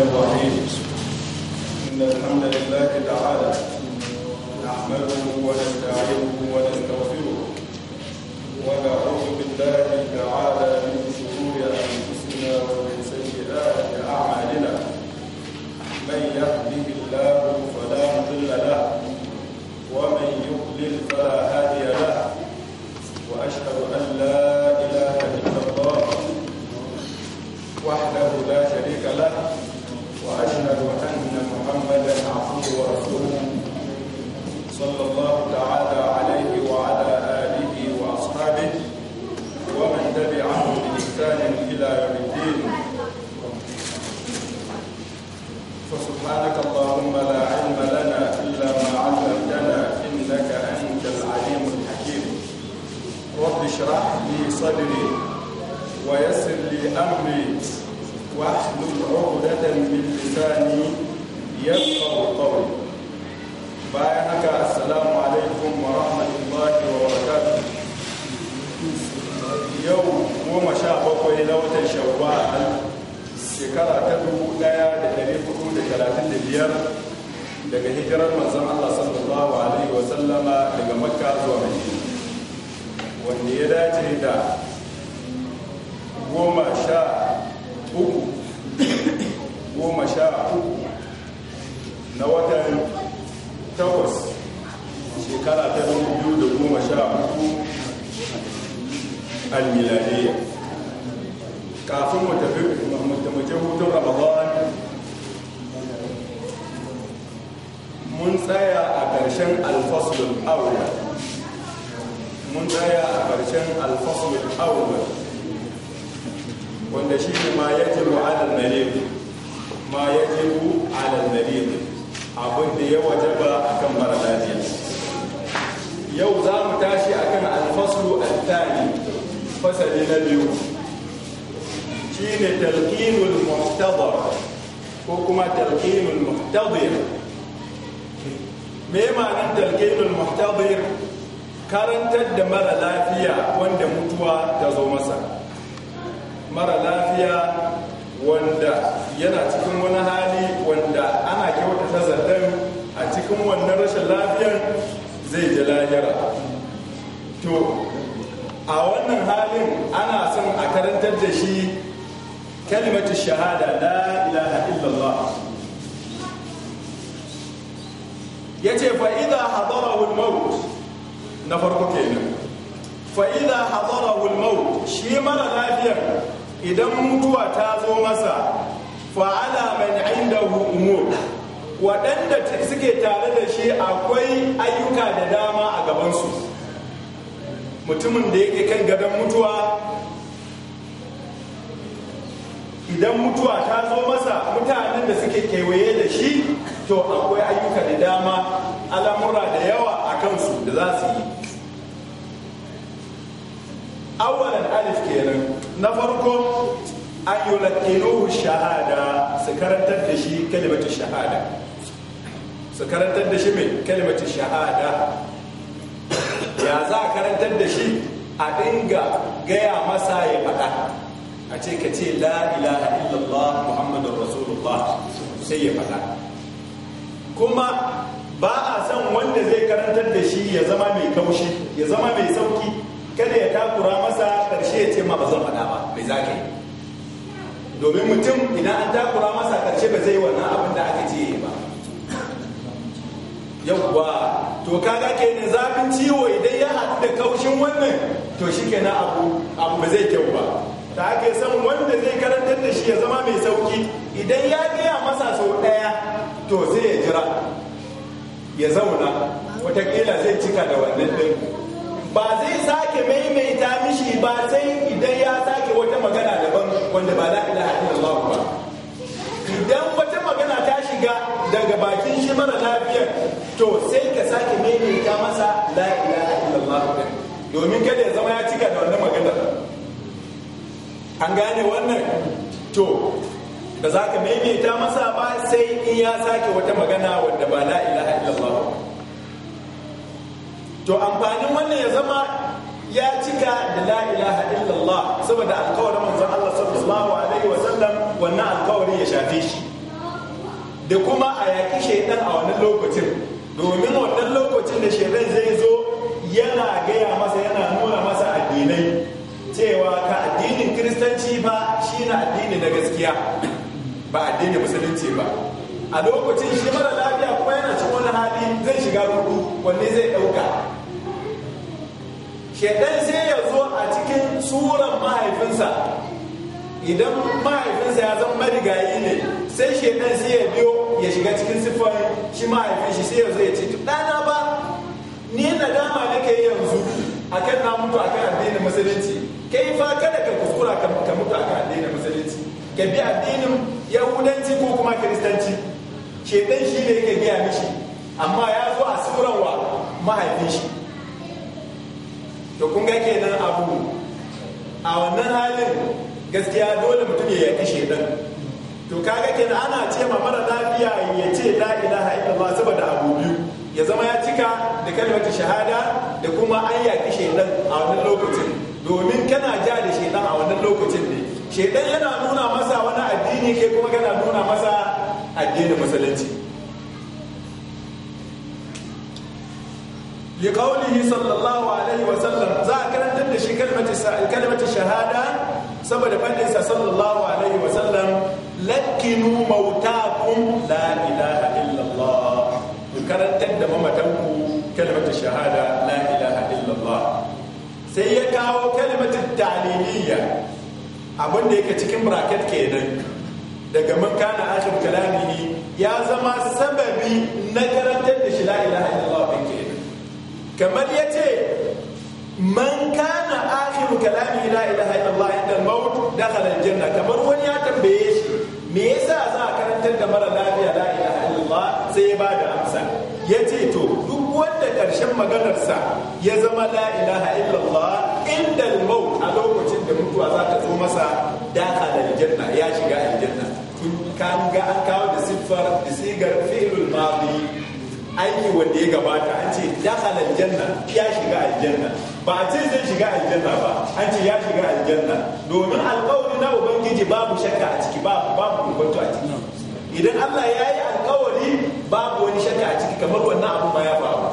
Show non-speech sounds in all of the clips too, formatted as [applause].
وحيد إن الحمد لله واشرح لي صدري ويسر لي أمري واحلل عقدة من لساني يفقه قولي السلام عليكم ورحمة الله وبركاته يوم goma sha bakwai na watan shawwal shekara ta dubu daya da dari hudu da da biyar daga hijirar manzon Allah sallallahu alaihi wa sallama daga Makka zuwa Madina wanda ya dace da goma sha uku goma sha uku na watan takwas shekara ta dubu biyu da goma sha uku almiladiyya kafin mu tafi mutumuje hutun ramadan mun tsaya a ƙarshen alfasulun aure mun tsaya a ƙarshen alfasu alfasul awwal wanda shi ne ma ya yajibu alal marid ma ya yajibu alal marid abin da ya waje ba akan mara lafiya yau za mu tashi akan alfaslu al-thani fasali na biyu shi ne talqinul muhtadar ko kuma talqinul muhtadir me ma'anar talqinul muhtadir karantar da mara lafiya wanda mutuwa ta zo masa mara lafiya wanda yana cikin wani hali wanda ana kyautata zaton a cikin wannan rashin lafiyar zai ji lahira to a wannan halin ana son a karantar da shi kalimatu shahada la ilaha illallah ya ce fa'ida hadarahul maut na farko kenan Fa'ida idza hadarahu shi mara lafiyar idan mutuwa ta zo masa fa'ala mai man indahu waɗanda suke tare da shi akwai ayyuka da dama a gabansu mutumin da yake kan gadon mutuwa idan mutuwa ta zo masa mutanen da suke kewaye da shi to akwai ayyuka da dama al'amura da yawa a kansu da za su yi awalan alif kenan na farko an yulaqinuhu shahada su karantar da shi kalimatu shahada su karantar da shi mai kalimatu shahada ya za a karantar da shi a dinga gaya masa ya faɗa a ce ka ce la ilaha illallah muhammadun rasulullah sai ya faɗa kuma ba a san wanda zai karantar da shi ya zama mai kaushi ya zama mai sauki kada ya takura masa karshe ya ce ma ba zan faɗa ba mai zaki. domin mutum idan an takura masa karshe ba zai yi wannan abin da aka ce ba yawwa to kaga ne zafin ciwo idan ya haɗu da kaushin wannan to shi kenan abu abu ba zai kyau ba ta ake san wanda zai karantar da shi ya zama mai sauki idan ya gaya masa sau ɗaya to sai ya jira ya zauna watakila zai cika da wannan ɗin ba zai sake maimaita mishi ba sai idan ya sake wata magana daban wanda ba ila haɗin Allah ba idan wata magana ta shiga daga bakin shi mara lafiyar to sai ka sake maimaita masa la Allah ba. domin kada ya zama ya cika da wannan magana an gane wannan to da za ka maimaita masa ba sai in ya sake wata magana wanda ba la haɗin Allah ba to amfanin wannan ya zama ya cika da la ilaha illallah saboda alkawarin manzon Allah sallallahu alaihi wa sallam wannan alkawari ya shafe shi da kuma a yaki shaidan a wannan lokacin domin wannan lokacin da shaidan zai zo yana gaya masa yana nuna masa addinai cewa ka addinin kiristanci ba shi na addini na gaskiya ba addini musulunci ba a lokacin shi mara lafiya kuma yana cikin wani hali zai shiga rudu wanne zai ɗauka shaidan sai ya zo a cikin suran mahaifinsa idan mahaifinsa ya zama marigayi ne sai shaidan sai ya biyo ya shiga cikin siffar shi mahaifin shi sai ya zo ya ce ɗana ba ni nadama nake yanzu a kan na mutu kan addinin musulunci kai fa kada ka kuskura ka mutu a kan addinin musulunci ka bi addinin yahudanci ko kuma kiristanci shaidan shi ne yake gaya mishi amma ya zo a tsoron wa mahaifin shi to kun ga kenan abu a wannan halin gaskiya dole mutum ya yaki dan to kaga kenan ana ce ma mara lafiya ya ce la ilaha illallah saboda abu biyu ya zama ya cika da kalmar shahada da kuma an ya kashe dan a wannan lokacin domin kana ja da shedan a wannan lokacin ne shedan yana nuna masa wani addini kai kuma kana nuna masa addinin musulunci liƙaunihi sallallahu alaihi wasallam za a karantar da shi kalmata shahada saboda faɗinsa sallallahu alaihi wasallam lakinu mautakun la ilaha illallah ku karantar da mamatanku kalmata shahada la ilaha illallah sai ya kawo kalmata taliliya abinda yake cikin bracket kenan daga man kana akhir kalamihi ya zama sababi na karantar da shi la ilaha illallah kamar ya ce man kana akhiru kalami la ilaha illallah inda maut dakhala kamar wani ya tambaye shi me yasa za a karantar da mara lafiya la ilaha illallah sai ya ba da amsa ya ce to duk wanda karshen maganarsa ya zama la ilaha illallah inda maut a lokacin da mutuwa za ta zo masa dakhala al ya shiga aljanna kun kan ga an kawo da siffar da sigar fi'lul madi aiki wanda ya gabata an ce dakhala aljanna ya shiga aljanna ba a ce zai shiga aljanna ba an ce ya shiga aljanna domin alƙawari na ubangiji babu shakka a ciki babu babu kwanto a ciki idan Allah ya yi alƙawari babu wani shakka a ciki kamar wannan abu ma ya faru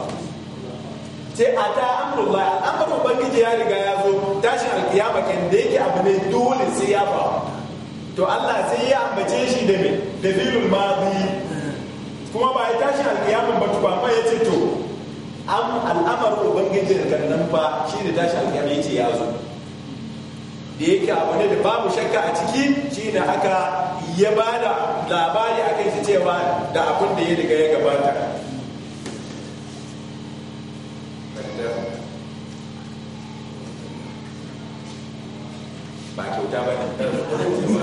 sai a ta amrullah al'amarin ubangiji ya riga ya zo tashin alkiyama kan da yake abu ne dole sai ya faru to Allah sai ya ambace shi da me da filul kuma ba ya tashi alkiyamun ba tuba ba ya ce to an al'amarin ubangiji da nan ba shi da tashi alƙiyamun ya ce ya zo da yake abu ne da babu shakka a ciki shi ne aka ya ba da labari a kai shi cewa da abin da ya riga ya gabata ba kyauta ba ne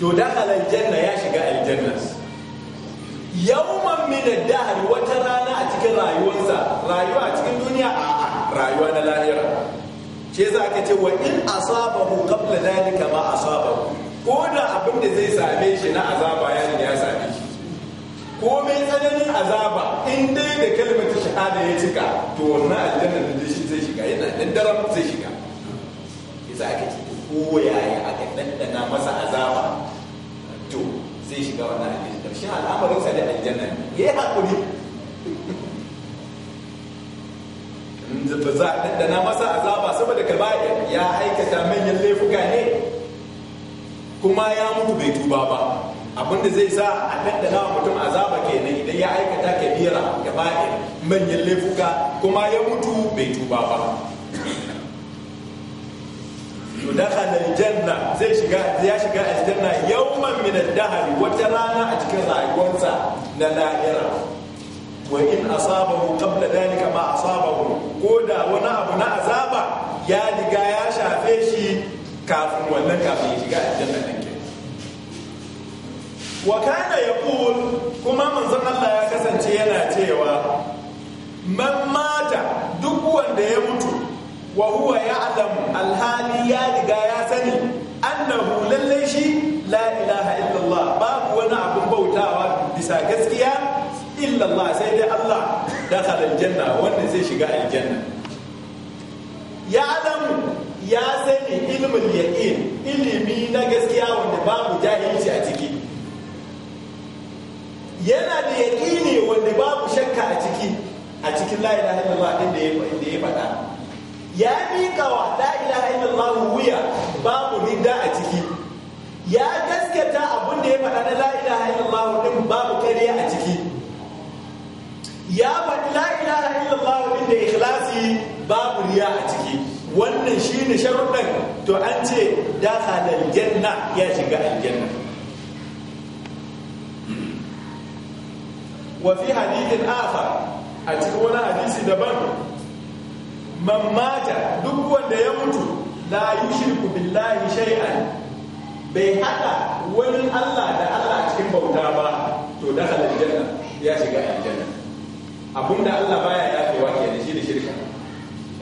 to dakhala aljanna ya shiga aljanna yawman min ad-dahr wata rana a cikin rayuwarsa rayuwa a cikin duniya a rayuwa na lahira ce za ka ce wa in asabahu qabla dhalika ma asabahu ko da abin da zai same shi na azaba ya ya same shi ko mai tsananin azaba in dai da kalmar shahada ya cika to wannan aljanna da shi zai shiga yana nan daram zai shiga za ka ce ko yaya aka ɗanɗana masa azaba zai shiga wannan shi karshen al'amarinsa da aljanna ne ya yi haƙuri ba za a ɗanɗana masa azaba saboda kaba'ir ya aikata manyan laifuka ne kuma ya mutu bai tuba ba abinda zai sa a ɗanɗana mutum azaba kenan idan ya aikata kabira kaba'ir manyan laifuka kuma ya mutu bai tuba ba to dakhala aljanna zai shiga ya shiga aljanna yawman min ad-dahr wata rana a cikin rayuwarsa na lahira wa in asabahu qabla dalika ma asabahu ko da wani abu na azaba ya riga ya shafe shi kafin wannan kafin ya shiga aljanna din wa kana yaqul kuma manzon Allah ya kasance yana cewa man mata duk wanda ya mutu wa huwa ya'lam alhali ya riga ya sani annahu lallai shi la ilaha illallah babu wani abin bautawa bisa gaskiya illallah sai dai Allah dakhala janna wanda zai shiga aljanna ya'lam ya sani ilmin yaqin ilimi na gaskiya wanda babu jahilci a ciki yana da yaƙini wanda babu shakka a ciki a cikin la ilaha illallah din da ya faɗa ya miƙa wa la ilaha illallah wuya babu ridda a ciki ya gaskata abin da ya faɗa na la ilaha illallah din babu kariya a ciki ya faɗi la ilaha illallah din da ikhlasi babu riya a ciki wannan shi shine sharuɗin to an ce da sa aljanna ya shiga aljanna wa fi hadithin akhar a cikin wani hadisi daban man mata duk wanda ya mutu la yushriku billahi shay'an bai hada wani Allah da Allah cikin bauta ba to da aljanna ya shiga aljanna abinda Allah baya yafewa kenan shi da shirka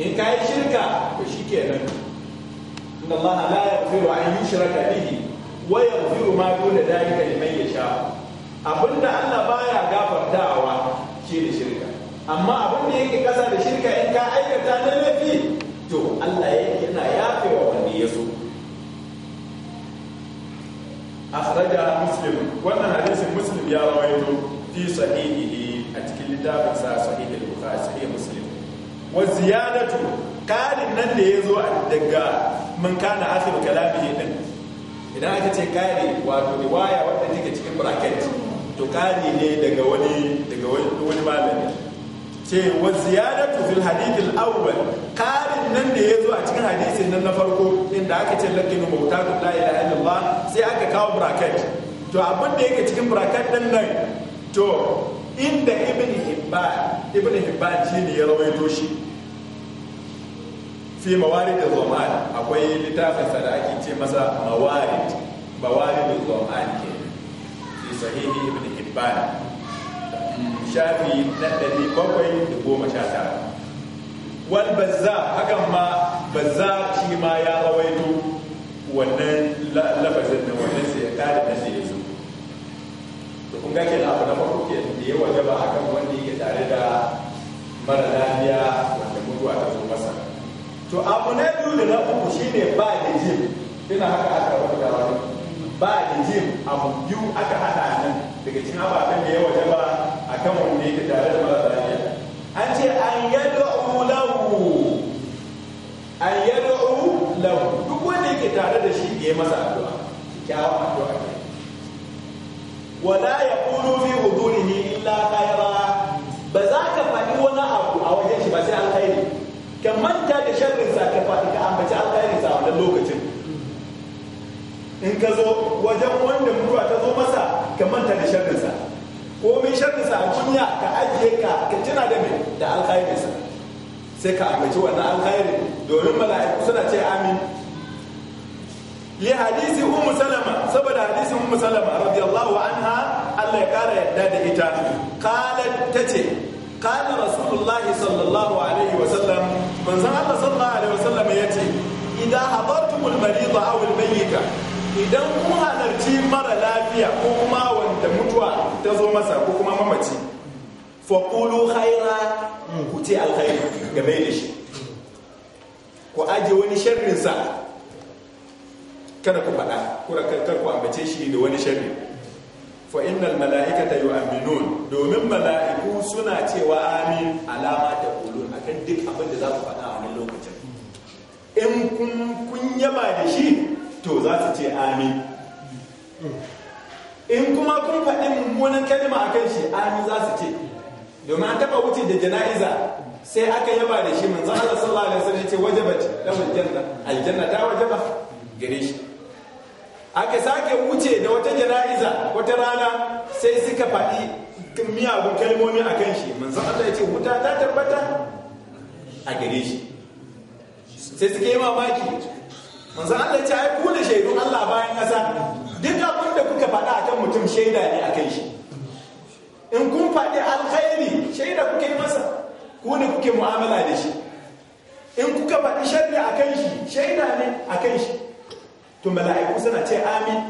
in kai shirka to shikenan inna Allah la yaghfiru an yushraka bihi wa yaghfiru ma duna dhalika liman yasha abinda Allah baya gafartawa shi da shirka amma abin da yake kasa da shirka in ka aikata na laifi to Allah yana yafe wa wanda ya so akhraja muslim wannan hadisin muslim ya rawaito fi sahihihi a cikin littafin sa sahih al-bukhari sahih muslim wa ziyadatu kalin nan da yazo daga man kana akhir kalamihi din idan aka ce kare wato riwaya wanda take cikin bracket to kare ne daga wani daga wani malami ce wa ziyadatu fil hadith al awwal karin nan da yazo a cikin hadisin nan na farko inda aka ce lakinu mautatu la ilaha illallah sai aka kawo bracket to abin da yake cikin bracket din nan to inda ibn hibban ibn hibban shine ya rawaito shi fi mawarid al-zaman akwai littafin sadaki ce masa mawarid mawarid al-zaman ke fi sahihi ibn hibban shafi na ɗari bakwai da goma sha tara wani bazza hakan ma bazza shi ma ya rawaito wannan lafazin da wannan sai ya kare da sai ya zo to kun ga kenan abu na farko ke da ya wajaba akan wanda yake tare da mara lafiya wanda mutuwa ta zo masa to abu na biyu da na uku shine ba da jin ina haka aka rubuta wani ba da jin abu biyu aka hada nan daga cikin ababen da ya wajaba akan wanda yake tare da mara lafiya an ce an yadda lahu an yadda lahu duk wanda yake tare da shi ya masa addu'a kyawun addu'a ne wala yaqulu fi hudurihi illa khayra ba za ka faɗi wani abu a wajen shi ba sai alkhairi ka manta da sharrin sa ka faɗi ka ambaci alkhairi sa a wannan lokacin in ka zo wajen wanda mutuwa ta zo masa ka manta da sharrin sa ko min sharri sa duniya ka ajiye ka ka tuna da me da alkhairinsa, sai ka ambaci wannan alkhairin domin mala'iku suna ce amin li hadisi ummu salama saboda hadisi ummu salama radiyallahu anha Allah ya kara yadda da ita qalat tace qala rasulullah sallallahu alaihi wa sallam manzon Allah sallallahu alaihi wa sallam yace idan hadartumul marida aw al mayyita idan kun halarci mara lafiya ko kuma da mutuwa ta zo masa ko kuma mamaci faƙulu haira ku ce game da shi ku aje wani sharrinsa kada ku faɗa kura karkar ku ambace shi da wani sharri fa innal mala'ikata yu'minun domin mala'iku suna cewa amin alama ta qulun akan duk abin da za ku faɗa a wani lokacin in kun kun yaba da shi to za su ce amin in kuma kun faɗi mummunan kalma kan shi amin za su ce domin an taɓa wuce da jana'iza sai aka yaba da shi manzo Allah sallallahu alaihi wasallam ya ce wajabat lahu aljanna aljanna ta wajaba gare shi aka sake wuce da wata jana'iza wata rana sai suka faɗi miyagun kalmomi a kan shi manzan Allah ya ce wuta ta tabbata a gare shi sai suka yi mamaki manzan Allah ya ce ai kuna shaidu Allah bayan ƙasa duk abin da kuka faɗa akan mutum shaida ne a kai shi in kun faɗi alkhairi shaida kuka yi masa ku ne kuke mu'amala da shi in kuka faɗi sharri a kan shi shaida ne a kan shi to mala'iku suna ce amin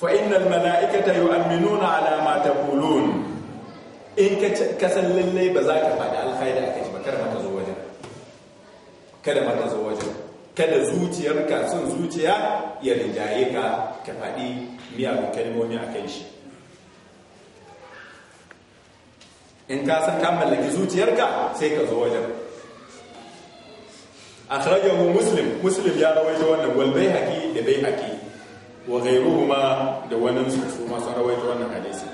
fa innal mala'ikata yu'minuna ala ma taqulun in ka ka san lallai ba za ka faɗi alkhairi a kai ba kar ma ka zo wajen kada ma ka zo wajen kada zuciyarka sun zuciya ya rinjaye ka ka faɗi miyagun kalmomi a kan shi in ka san ka mallaki zuciyarka sai ka zo wajen A akhrajahu muslim muslim ya rawaito wannan walbai baihaqi da bai baihaqi wa ma da wannan su masu ma sun rawaito wannan hadisi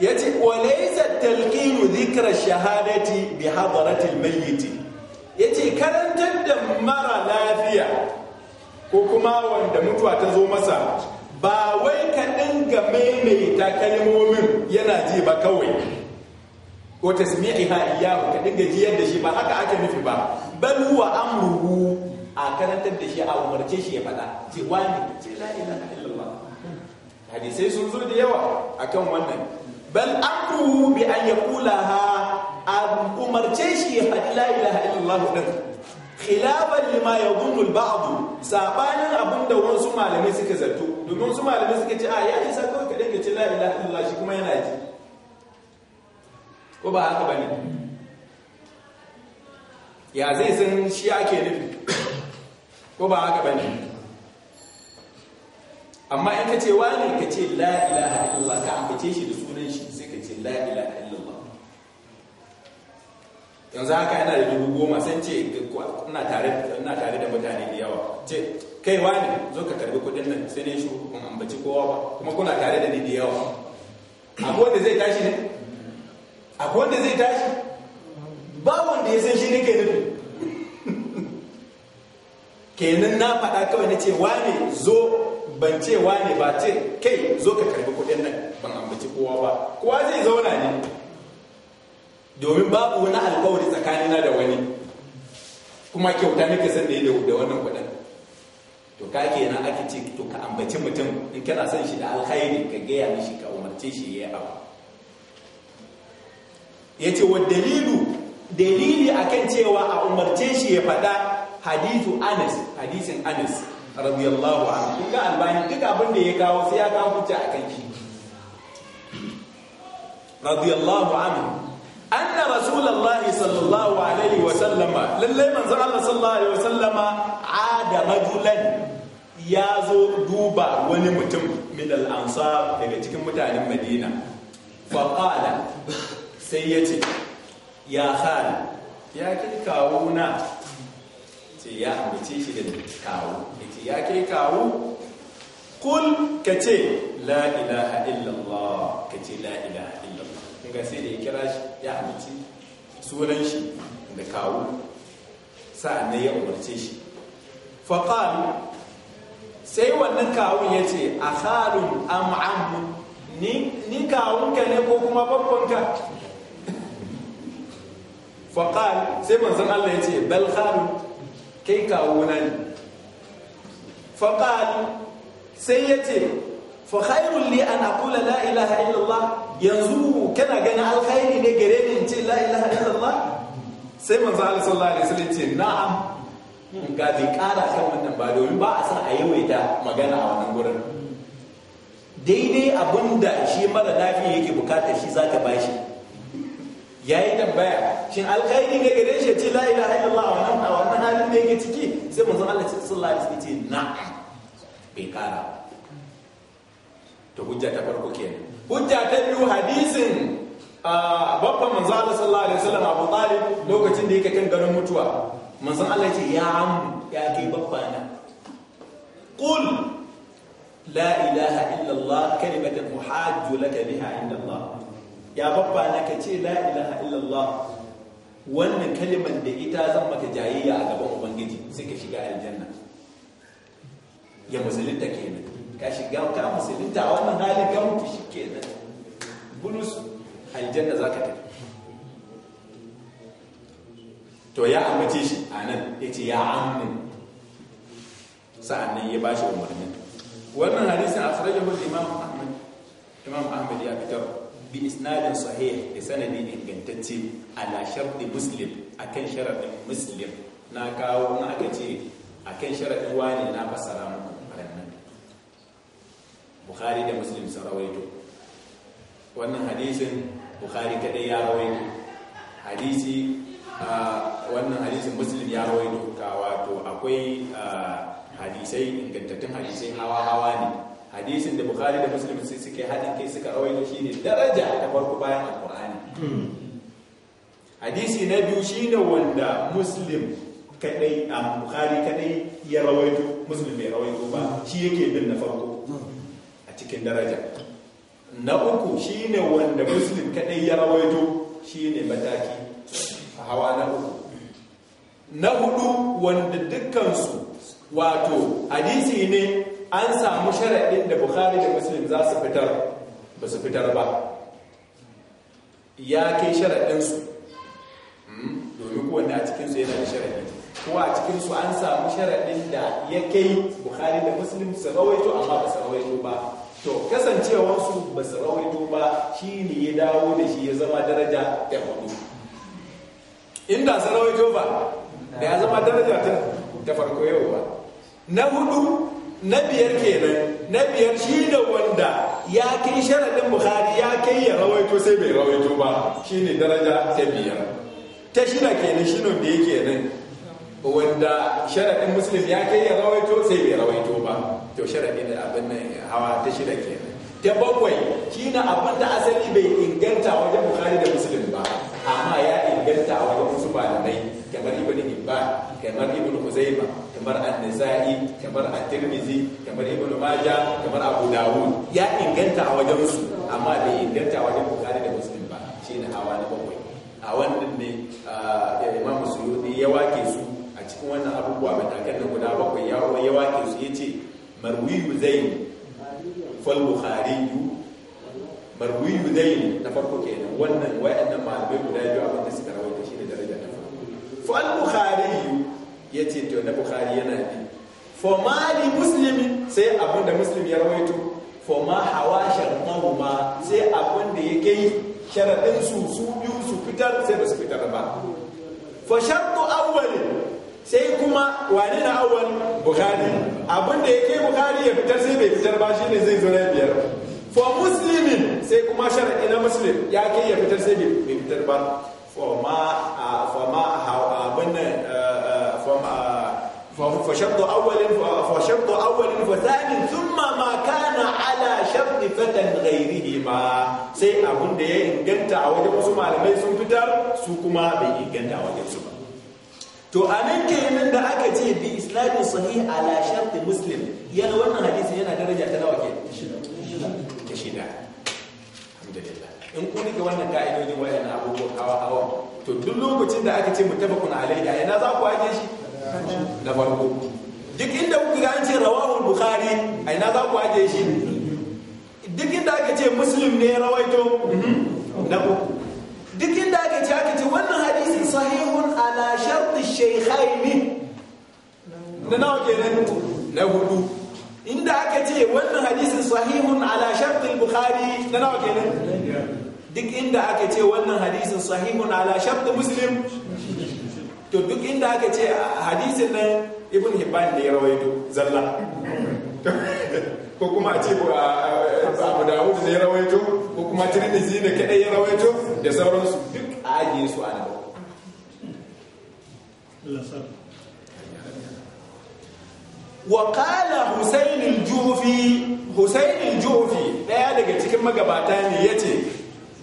yace wa laysa talqinu dhikra shahadati bi hadarati al-mayyit ya ce karantar da mara lafiya ko kuma wanda mutuwa ta zo masa ba wai ka dinga maimaita kalmomin yana ji ba kawai ko tasmi'iha iyyahu ka dinga ji yadda shi ba haka ake nufi ba bal huwa amruhu a karantar da shi a umarce shi ya faɗa ce wani ce la ilaha illallah hadisai sun zo da yawa akan wannan bal amruhu bi an yaqulaha a umarce shi ya faɗi la ilaha illallah din khilafan lima yadhunnu al-ba'd sabanin da wasu malamai suka zato domin wasu malamai suka ce a ya isa kawai ka dinga ce la ilaha illallah shi kuma yana ji ko ba haka ba ne? ya zai san shi ake nufi ko ba haka ba ne? amma in ka ce wani ka ce la ilaha illallah ka ambace shi da sunan shi sai ka ce la ilaha yanzu haka yana da dubu goma sai ce ina tare da mutane da yawa ce kai wani zo ka karbi kudin nan sai ne shi kun ambaci kowa ba kuma kuna tare da ni da yawa akwai wanda zai tashi ne akwai wanda zai tashi ba wanda ya san shi ke nufi [laughs] kenan na faɗa kawai na ce wani zo ban ce wani ba ce kai zo ka karbi kudin nan ban ambaci kowa ba kowa zai zauna ne domin babu wani alkawari tsakanina da wani kuma kyauta nake san da yake da wannan kudin to ka kenan ake ce to ka ambaci mutum in kana son shi da alkhairi ka gaya mishi ka umarce shi ya abu ya ce wa dalilu dalili akan cewa a umarce shi ya faɗa hadithu anas hadithin anas radiyallahu anhu kun ga albani duk abin da ya kawo sai ya kawo hujja akan shi radiyallahu anhu anna rasulullahi sallallahu alaihi wa sallama lalle manzon Allah sallallahu alaihi wa sallama ada rajulan ya zo duba wani mutum min al-ansar daga cikin mutanen Madina fa qala sai ce ya khal ya kai kawo na ce ya ambace shi da kawo yace ya kai kawo kul kace la ilaha illallah kace la ilaha illallah ga sai da ya kira shi ya amince sunan shi da kawo sa'an ya umarce shi faƙalu sai wannan kawun ya ce a tsarin am'ammu ni kawunka ne ko kuma babbanka [laughs] faƙal sai manzan Allah ya ce bal tsarin kai kawuna ne faƙal sai ya ce fa khairul li an aqula la ilaha illallah yanzu kana gani alkhairi ne gare ni in ce la ilaha illallah sai manzo Allah sallallahu alaihi wasallam ce na'am ga bi kara kan wannan ba domin ba a san a yawaita magana a wannan gurin daidai abinda shi mara lafiya yake bukata shi zaka bashi yayi tambaya shin alkhairi ne gare shi ce la ilaha illallah a wannan a wannan halin da yake ciki sai manzo Allah sallallahu alaihi wasallam ce na'am bi kara to hujja ta farko kenan hujja ta biyu hadisin babban manzo Allah sallallahu alaihi wasallam Abu Talib lokacin da yake kan garin mutuwa manzo Allah ya ce ya am ya kai babbana qul la ilaha illa Allah kalimatan muhajju laka biha inda Allah ya babbana ka ce la ilaha illa Allah wannan kalimar da ita zan maka jayayya a gaban ubangiji sai ka shiga aljanna ya musulunta kenan ka shiga ka musulunta a wannan hali ga mutu shi ke nan bulus aljanna za ka tafi to ya ambace shi a nan ya ce ya amin sa'annan ya ba shi umarnin wannan hadisin asrajahu imam ahmad imam ahmad ya fitar bi isnadin sahih da sanadi ingantacce ala sharti muslim kan sharaɗin muslim na kawo na aka ce a kan sharaɗin wani na fasara mu bukhari da muslim sun rawaito wannan hadisin bukhari kadai ya rawaito hadisi wannan hadisin muslim ya rawaito ka wato akwai hadisai ingantattun hadisai hawa-hawa ne hadisin da bukhari da muslim sun suke haɗin kai suka rawaito shine daraja ta farko bayan alkur'ani hadisi na biyu shi ne wanda muslim kadai a bukhari kadai ya rawaito muslim bai rawaito ba shi yake bin na farko cikin daraja na uku shi ne wanda muslim kadai ya rawaito shi ne mataki a hawa na uku na hudu wanda dukkansu wato hadisi ne an samu sharaɗin da bukari da muslim za su fitar ba su fitar ba ya kai sharaɗinsu hmm? domin kowanne a cikinsu yana da sharaɗi ko a cikinsu an samu sharaɗin da ya kai bukari da muslim su rawaito amma ba su rawaito ba to kasancewarsu ba su rawaito ba shi ne ya dawo da shi ya zama daraja ta hudu inda su rawaito ba da ya zama daraja ta farko yau ba na hudu na biyar kenan na biyar shi da wanda ya kai sharaɗin buhari ya kai ya rawaito sai bai rawaito ba shi ne daraja ta biyar ta shida kenan shi ne da yake nan wanda sharaɗin muslim ya kai ya rawaito sai bai rawaito ba to sharaɗi da abin nan hawa ta shida ke ta bakwai shi na abin da asali bai inganta wajen bukari da muslim ba amma ya inganta a wajen wasu malamai kamar ibn ibba kamar ibn huzaima kamar an nisai kamar at-tirmidhi kamar ibn majah kamar abu dawud ya inganta wajen su amma bai inganta wajen bukari da muslim ba shi ne hawa na bakwai a wannan ne cikin wannan abubuwa matakan nan guda bakwai ya wa yawa ke su yace marwiyu zaini fal bukhariyu marwiyu zaini na farko kenan wannan wayannan malamai guda biyu abin da suka rawaita shi ne daraja ta farko fal bukhariyu yace to na bukhari yana bi for mali muslimin sai abin da muslim ya rawaito for ma hawa shartahuma sai abin da ya kai sharadin su su biyu su fitar sai ba su fitar ba fa shartu awwalin sai kuma wane na awon bukhari abinda da ke bukhari ya fitar sai bai fitar ba shine zai zo na biyar for muslimin sai kuma shar'i na muslim ya ke ya fitar sai bai fitar ba for ma for ma abin nan for فشرط أول فشرط أول وثاني ثم ما كان على شرط فتى غيرهما أبن أو سوكما أو to anan kenan da aka ce bi isnadin sahih ala sharti muslim yana wannan hadisi yana daraja ta nawa ke ta shida alhamdulillah in kun ga wannan ka'idojin wayan abubuwan hawa hawa to duk lokacin da aka ce mutabakun alayhi a yana za ku ake shi na farko duk inda kuka ga an ce rawahu bukhari a yana za ku ake shi duk inda aka ce muslim ne rawaito na uku duk inda aka ce aka ce wannan hadisi sahihun ala sharti shaykhaini na nawa kenan na hudu inda aka ce wannan hadisi sahihun ala sharti bukhari na nawa kenan duk inda aka ce wannan hadisin sahihun ala sharti muslim to duk inda aka ce hadisin nan ibn hibban da ya rawaito zalla [laughs] ko kuma a ce abu dawud da ya rawaito kuma tirmidhi ne kadai ya rawaito da sauransu duk a ajiye su a nan wa qala husainin jufi husainin jufi daya daga cikin magabata ne ce,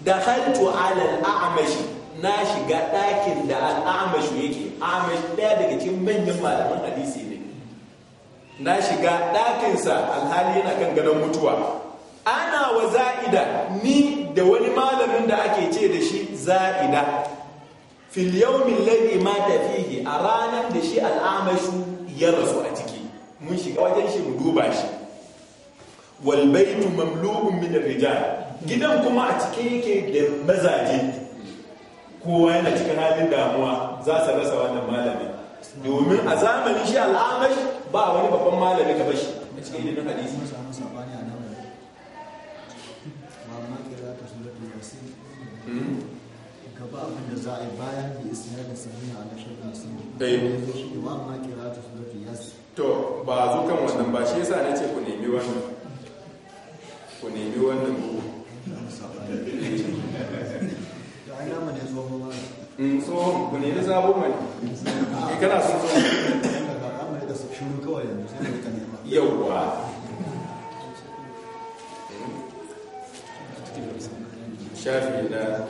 da hantu Alal Amashi na shiga ɗakin da al-a'mash yake amashi ɗaya daga cikin manyan malaman hadisi ne na shiga ɗakinsa alhali yana kan gadon mutuwa ana wa za'ida ni da wani malamin da ake ce da shi za'ida fil yawmin ladhi mata fihi a ranar da shi al'amashu ya rasu a ciki mun shiga wajen shi mu duba shi wal baytu mamlu'un min ar-rijal gidan kuma a cike yake da mazaje kowa yana cikin halin damuwa za su rasa wannan malami domin a zamanin shi al'amash ba wani babban malami ka bashi a cikin gaba abin da za a yi bayan da isnadin sahiha ala shartu muslim eh zai shi wa ma qira'atu surati to ba zo kan wannan ba shi yasa ce ku nemi wannan ku nemi wannan ku da ai namu ne zo ma mm so ku nemi zabo mai kana son so da kawai yanzu sai ka nema yawwa shafi na 20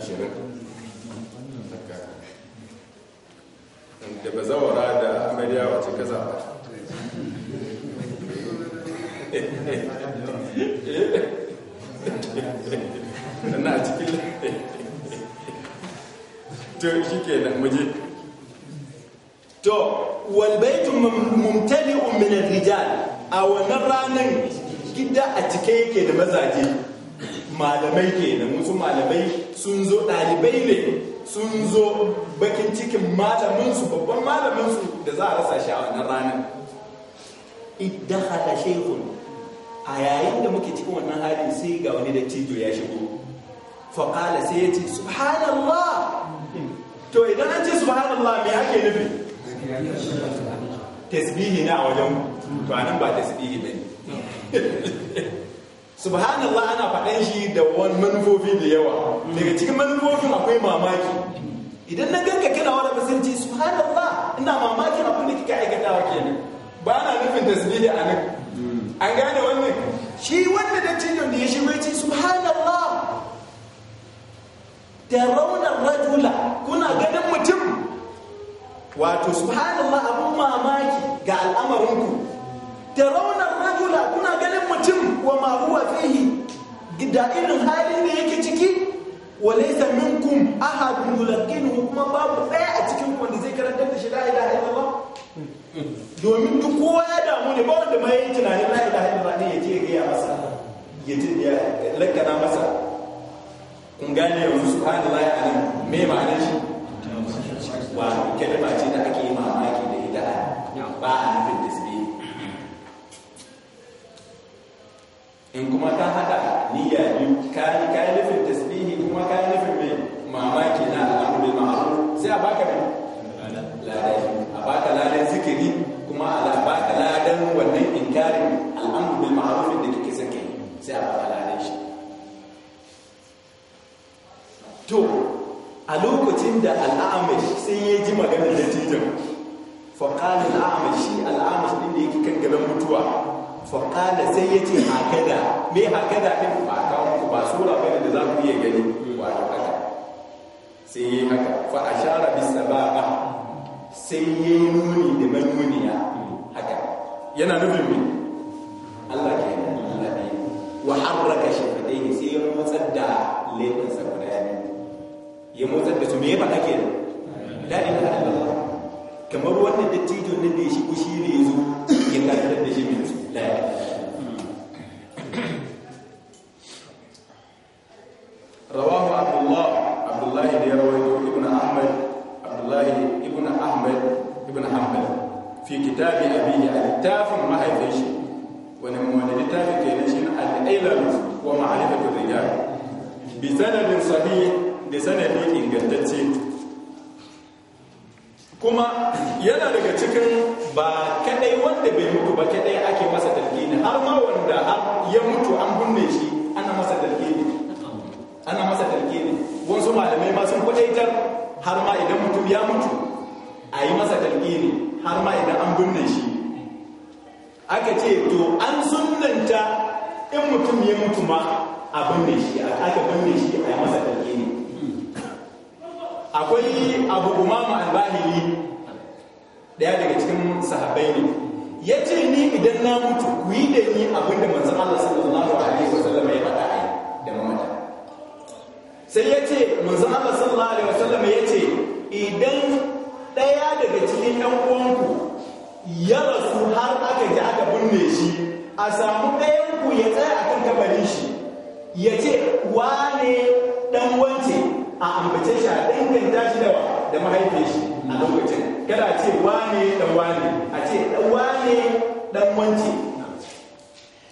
da ba zawara da amarya wace ka zaɓa na cikin to shi ke na muje to walbaitun mumtali uminar rijal a wannan ranar gida a cike yake da mazaje malamai kenan musu malamai sun zo ɗalibai ne sun zo bakin cikin malaminsu babban malaminsu da za a rasa shi a wannan ranar iddahala shehu a yayin da muke cikin wannan halin sai ga wani cijo ya shigo faƙala sai ya ce subhanallah to idan an ce subhanallah me ake nufi tasbihi na a wajen to anan ba tasbihi bane [laughs] subhanallah ana faɗan shi da wani manufofi da yawa daga cikin manufofin akwai mamaki idan na ganka kana wani musulci subhanallah ina mamakin abin da kika wa kenan ba na nufin tasbihi a nan an gane wannan shi wanda da cikin da ya shi mai subhanallah da raunar rajula kuna ganin mutum wato subhanallah abun mamaki ga al'amarinku da raunar rajula kuna ganin mutum wa ma huwa fihi da irin halin da yake ciki wa laysa minkum ahadun yulqinuhu kuma babu tsaya a cikin ku wanda zai karanta da shi la ilaha illallah domin duk kowa ya damu ne ba wanda ma yayi tunanin la ilaha illallah ne yaje ya gaya masa yaje ya lakana masa kun gane yanzu subhanallahi anan me ma'anar shi wa kalma ce in kuma ka haɗa niyya biyu ka yi ka nufin tasbihi kuma ka yi nufin mai mamaki na al'amuri ma'aru sai a baka ne ladai a baka ladan zikiri kuma a baka ladan wannan inkarin al'amuri ma'aru da kike sake sai a baka ladan shi to a lokacin da al'amuri sai ya ji maganar da fa kalin al'amuri shi al'amuri din da yake kan gaban mutuwa faƙala sai ya ce hakada me da ɗin ba kawo ba sura bane da za ku iya gani ta haka sai yi haka fa bisa ba ba sai yi nuni da manuniya haka yana nufin me Allah ke Allah ne wa harraka shafidai sai ya motsar da leɓin sa guda ya motsar da su me ba ake la ilaha illallah kamar wannan dattijo nan da ya shi kushi ne zo ya kafitar da shi mai love. ya ce ne dan wance a ambace shi a danganta shi da da mahaifin shi a lokacin kada a ce ne dan wane a ce dan wane dan wance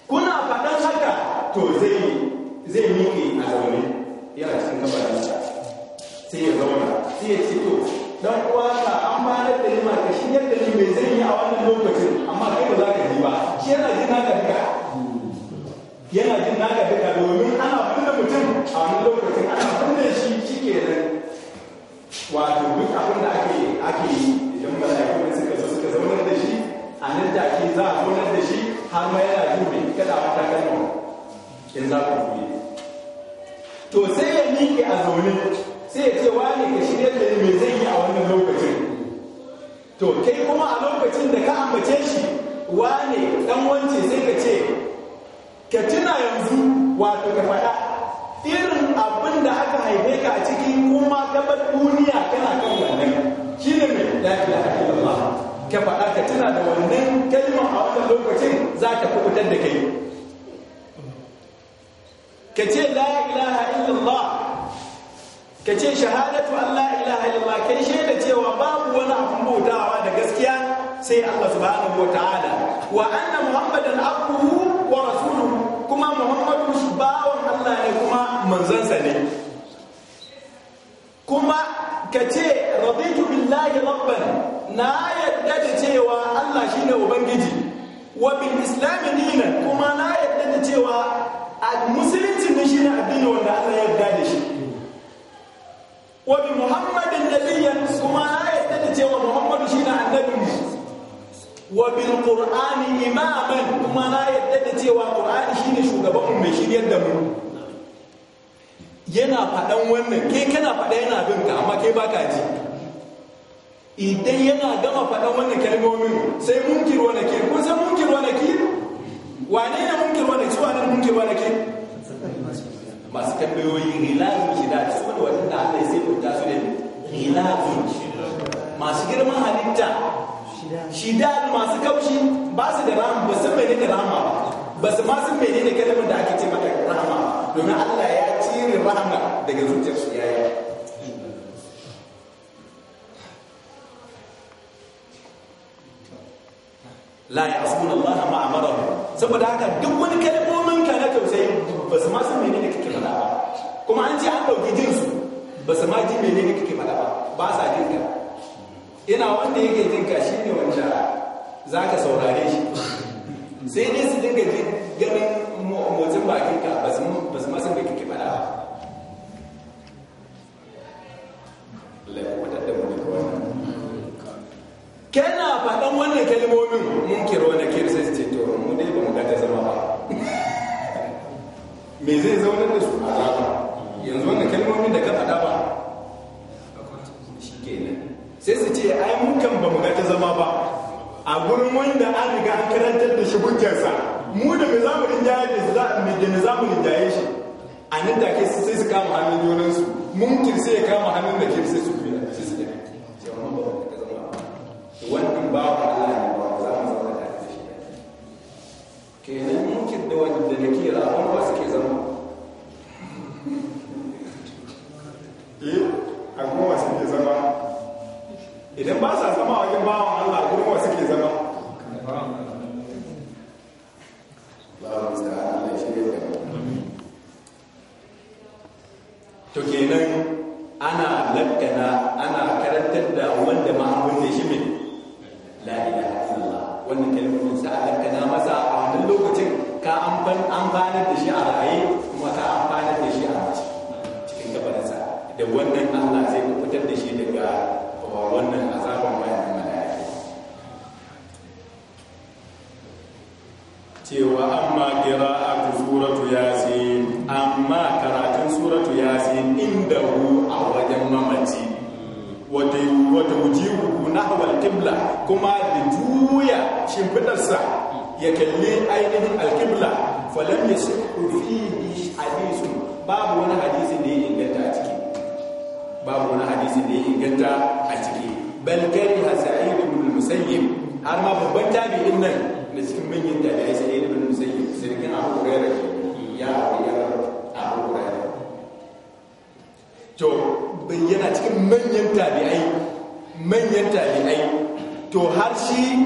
kuna faɗan haka to zai zai miƙe a zaune yana da kabarinsa sai ya zauna sai ya ce to dan uwa ka an ba da lima ka shi yadda ni mai zai yi a wannan lokacin amma kai ba za ka yi ba shi yana jin haka duka yana jin naka duka domin ana kunna mutum a wani lokacin ana kunna shi cike nan wato duk abin da ake ake yi idan mala'iku suka zo suka zaunar da shi a nan da ake za a zaunar da shi har ma yana dube kada a wata kalma in za ku dube to sai ya miƙe a zaune sai ya ce wani ka shirya da me zai yi a wannan lokacin to kai kuma a lokacin da ka ambace shi wane dan wance sai ka ce ka tuna yanzu wato ka faɗa irin abin da aka haife ka a ciki kuma gabar duniya kana kan wannan shi ne mai lafiya a kan ka faɗa ka tuna da wannan kalma a wannan lokacin za ka kubutar da kai ka ce la ilaha illallah ka ce shahadatu an la ilaha illallah kai shaida cewa babu wani abin bautawa da gaskiya sai Allah subhanahu wataala wa anna muhammadan abduhu wa rasuluhu kuma muhammadu bawan Allah ne kuma manzansa ne kuma ka ce raditu billahi rabban na yadda da cewa Allah shine ubangiji wa bil islam dinan kuma na yadda da cewa musulunci ne shine addini wanda Allah ya yarda da shi wa bi muhammadin nabiyyan kuma na yadda da cewa muhammadu shine annabi. wa bil qur'ani imaman kuma na yadda da cewa qur'ani shine shugaban mai shiryar da mu yana faɗan wannan kai kana faɗa yana bin ka amma kai baka ji idan yana gama faɗan wannan kalmomin sai munkir wa nakir kun san munkir wa nakir wane ne munkir wa nakir wane ne munkir wa nakir masu tambayoyi rilazun da su wani wata da Allah ya sai mutasu ne rilazun masu girman halitta shidal masu kaushi ba su da rahama ba su da rahama ba ba su ma sun da kalmar da ake ce mata rahama domin Allah ya cire rahama daga zuciyarsu ya yi la ya asmuna Allah ma amara saboda haka duk wani kalmomin ka na tausayi ba su ma san da kake faɗa ba kuma an ji an ɗauki jinsu ba su ma ji da kake faɗa ba ba sa jin ka ina wanda yake jinka shi ne wanda za ka saurare shi sai dai su dinga ganin ana lakana ana karantar da wanda ma abin da shi min la ilaha illallah wannan kalmomin sa a lakana masa a wannan lokacin ka an bani da shi a raye kuma ka an amfanar da shi a mace cikin sa da wannan Allah zai fitar da shi daga wannan azaban bayan mala'iku cewa amma qira'atu suratu yasin amma karatun suratu yasin inda wata na nahwal kibla kuma da juya shimfidarsa ya kalli ainihin alqibla falam yasihu fihi hadithun babu wani hadisi da ya inganta a ciki babu wani hadisi da ya inganta a ciki bal kariha da ibn musayyib har ma babban din nan da cikin manyan tabi'ai sa'id ibn musayyib sirkin a hurairah ya a hurairah abu hurairah to yana cikin manyan tabi'ai manyan tabi'ai to har shi